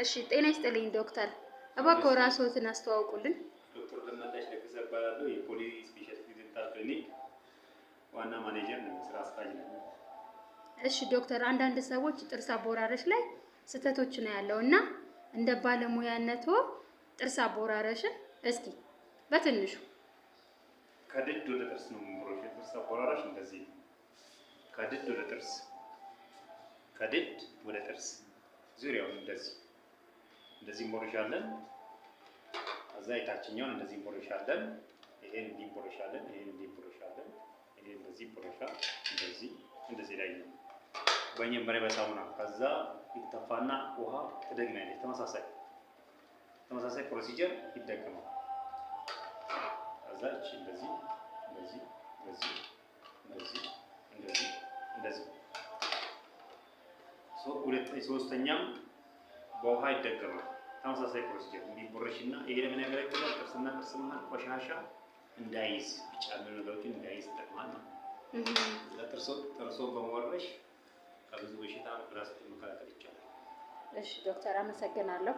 እሺ ጤና ይስጥልኝ ዶክተር፣ እባክዎ ራስዎትን አስተዋውቁልን። ዶክተር ገመዳሽ ደግሰ እባላለሁ። የፖሊ ስፔሻሊቲ ዴንታል ክሊኒክ ዋና ማኔጀር ነው፣ ስራ አስኪያጅ ነው። እሺ ዶክተር፣ አንዳንድ ሰዎች ጥርስ አቦራረሽ ላይ ስህተቶች ነው ያለው እና እንደ ባለሙያነቶ ጥርስ አቦራረሽን እስኪ በትንሹ ከድድ ወደ ጥርስ ነው የምንሮሽ። የጥርስ አቦራረሽ እንደዚህ ከድድ ወደ ጥርስ፣ ከድድ ወደ ጥርስ ዙሪያውን እንደዚህ እንደዚህ እንቦርሻለን። ከዛ የታችኛውን እንደዚህ እንቦርሻለን። ይሄን እንዲህ እንቦርሻለን። ይሄን እንዲህ እንቦርሻለን። ይሄን እንደዚህ ቦርሻ እንደዚህ እንደዚህ ላይ ነው በመጀመሪያ በሳሙና ከዛ ይተፋና ውሃ ትደግናለች። ተመሳሳይ ተመሳሳይ ፕሮሲጀር ይደገማል። ከዛ እቺ እንደዚህ እንደዚህ እንደዚህ እንደዚህ እንደዚህ እንደዚህ ሶ ሁለት ሶስተኛም በውሃ ይደገማል። ተመሳሳይ ፕሮሲጀር እንዲቦረሽ እና ይሄ ለምን ያገለግላል? ጥርስና ጥርስ መሀል ቆሻሻ እንዳይዝ ብቻ ያሉ ነገሮችን እንዳይዝ ይጠቅማል ነው። ጥርሶ ጥርሶ በመወረሽ ከብዙ በሽታ ራስ መከላከል ይቻላል። እሺ ዶክተር አመሰግናለሁ።